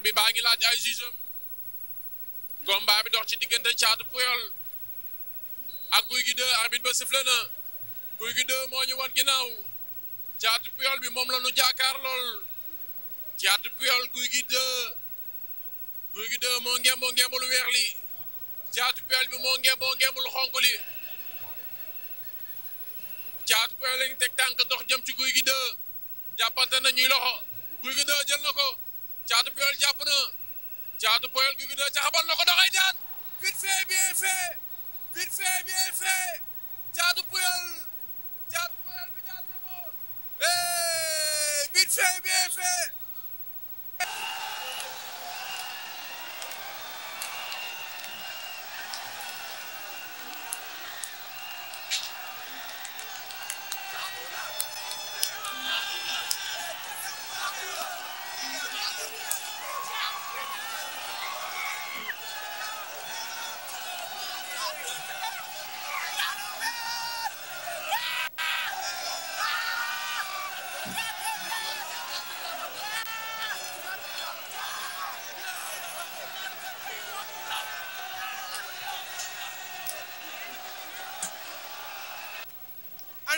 bi baa ngi laaj ay juge combat bi dox ci digga Thiatou Pouyeul ak Gouye Gui 2 arbitre ba sifflé na Gouye Gui 2 moo ñu wan ginnaaw Thiatou bi moom la ñu jaakaar lool Thiatou Pouyeul guy Gui 2 Gouye Gui 2 moo ngem boo ngembul weex li Thiatou Pouyeul bi moo ngem boo ngembul xonk li Thiatou Pouyeul lañ tànk dox jëm ci guy Gui 2 jàppante na ñuy loxo Gouye Gui 2 ko caatu poyol guy gi de caxabal na ko doxay daan vite fait bien fait vite caatu poyol bi daan na ko vite fait bien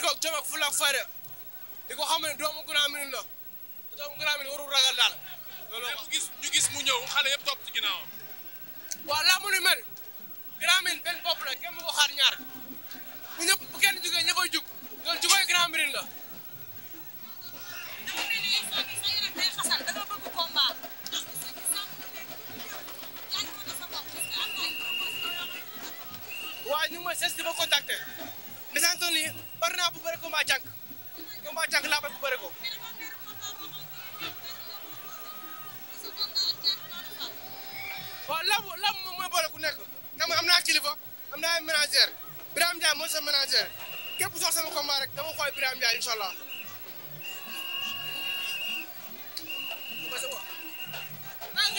ko jom ak fayda di ko xam ne doomu Grand la doomu Grand Médine warul ragal daal loolu ñu gis gis mu ñëw xale yëpp topp ci ginnaawam waaw laa ni mel Grand Médine bopp la kenn mu ko ñaar bu ñëpp bu kenn jugee ñëppay jug loolu jugee Grand Médine la waaye ñu ngi may di ma contacter dèjà tool yi bari naa bu bëri ko maa jànk ko laa bëgg bu bëri ko. waaw lamb lamb mooy boole ku nekk xam am naa kilifa am naa ay manager Birame Ndiaye sa manager képp sox sama combat rek dama koy Birame Ndiaye incha